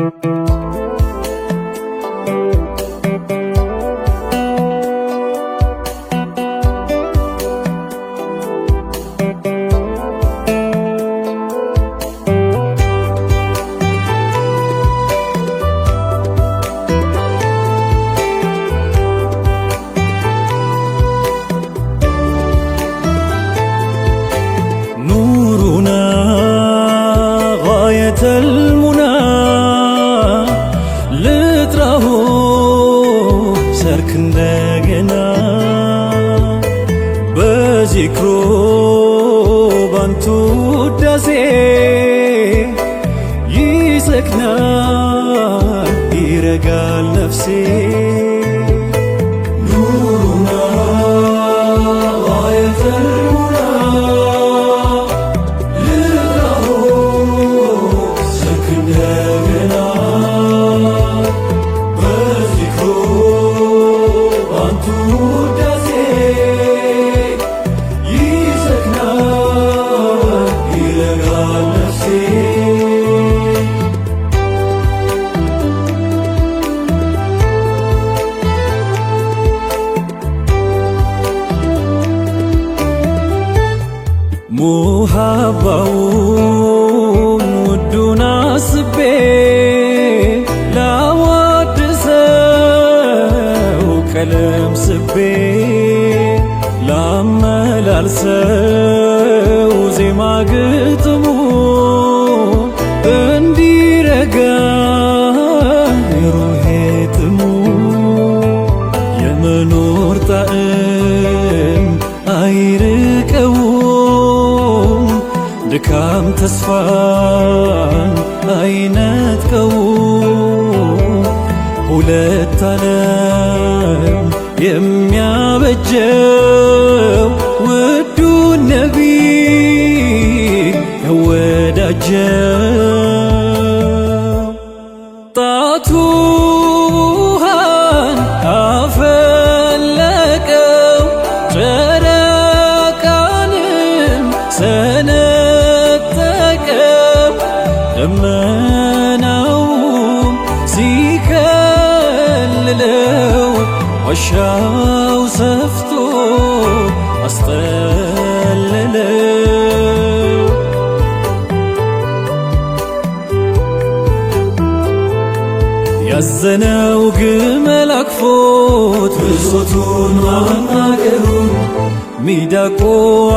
Thank you. krobantu ሙሃባውን ውዱን አስቤ ላዋድሰው ቀለም ስቤ ላመላልሰው ዜማ ግጥ ድካም ተስፋ አይነጥቀው ሁለት ዓለም የሚያበጀው ውዱ ነቢ ያወዳጀው እመናውም ሲከልለው ዋሻው ሰፍቶ አስጠለለው ያዘነው ግመል አቅፎት ብሶቱን ማናገሩን ሚዳቆ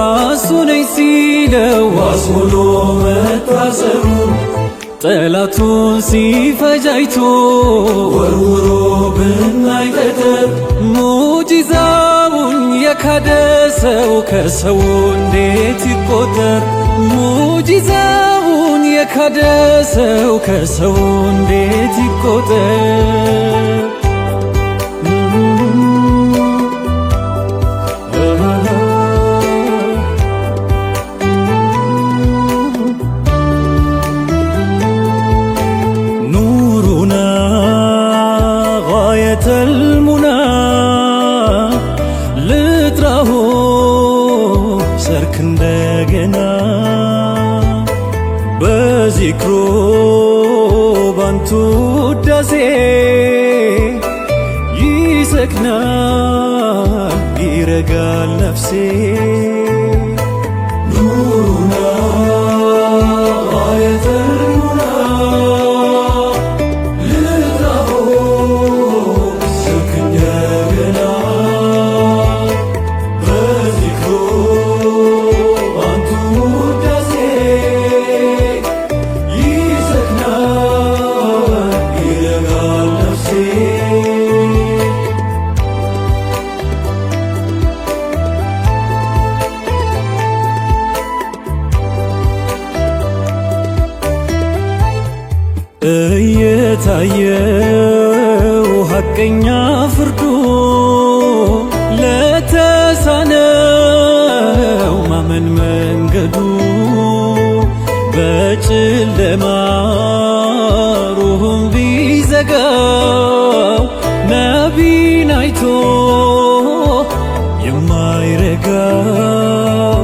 አሱነኝ ሲለው አስሆኖ መታሰሩን ጠላቱን ሲፈጃይቶ ወርውሮ ብናይ ጠጠር ሙጂዛውን የካደ ሰው ከሰው እንዴት ይቆጠር? ሙጂዛውን የካደ ሰው ከሰው እንዴት ይቆጠር? ትተጋል ነፍሴ ታየው ሀቀኛ ፍርዱ ለተሳነው ማመን መንገዱ በጨለማ ሩህም ቢዘጋው ነቢን አይቶ የማይረጋው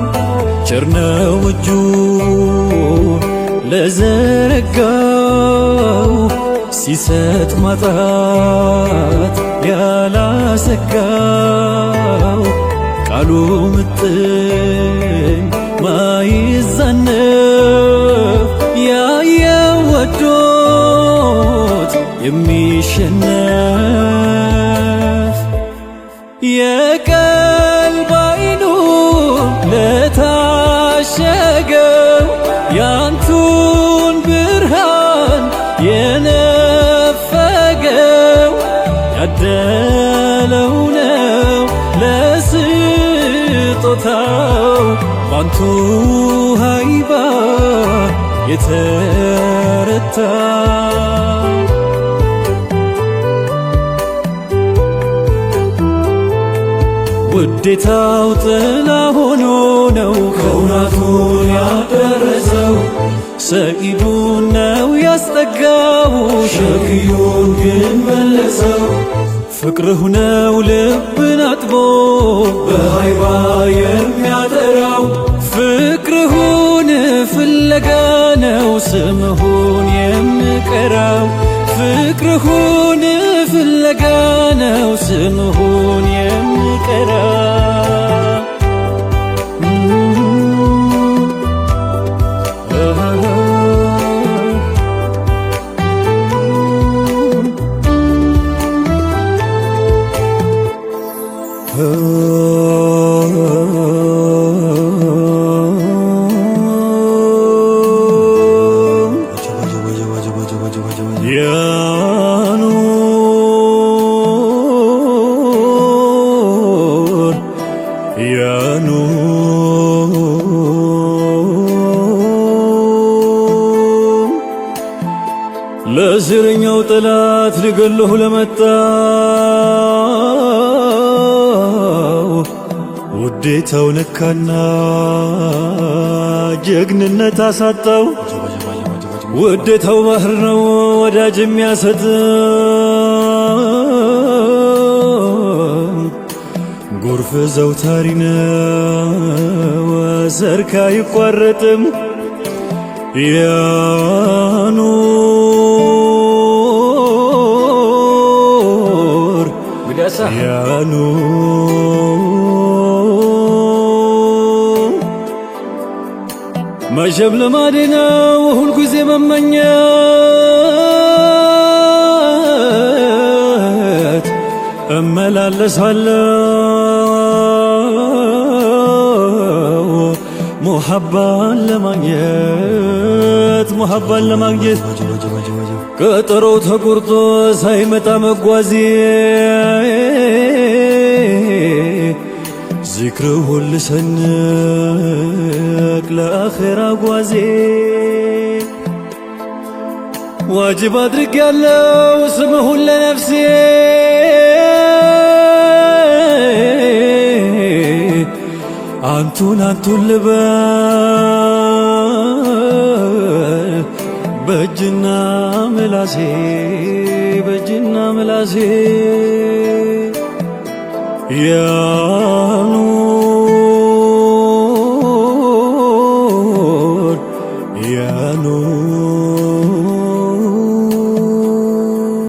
ቸርነው እጁ ለዘረጋው ሲሰጥ ማጣት ያላሰጋው ቃሉ ምጥኝ ማይዛነፍ ያየው ወዶት የሚሸነፍ የቀልብ አይኑ ለታሸገው ያንቱን ብርሃን የነ ስጦታው ባንቱ ሃይባ የተረታ ውዴታው ጥላ ሆኖ ነው ከውናቱ ያደረሰው ሰኢዱን ነው ያስጠጋው ሸክዩን ግን መለሰው ፍቅርህ ነው ልብን አጥቦ በሃይባ የሚያጠራው ፍቅርሁን ፍለጋ ነው ስምህን የምቀራው ፍቅርሁን ፍለጋ ነው ስምሁ ለዘረኛው ጠላት ልገለሁ ለመጣ ጌታው ነካና ጀግንነት አሳጣው። ውዴታው ባህር ነው ወዳጅ የሚያሰጥ ጎርፍ ዘውታሪ ነው ሰርካ አይቋረጥም ያኑር መሸብ ልማዴ ነው ሁል ጊዜ መመኘት እመላለሳለው ሙሐባን ለማግኘት ሙሐባን ለማግኘት ቀጠሮው ተቆርጦ ሳይመጣ መጓዜ ዚክርሁ ልሰንቅ ለአኼራ ጓዜ ዋጅብ አድርግ ያለው ስምሁን ለነፍሴ አንቱን አንቱን ልበል በእጅና ምላሴ በእጅና ምላሴ Ya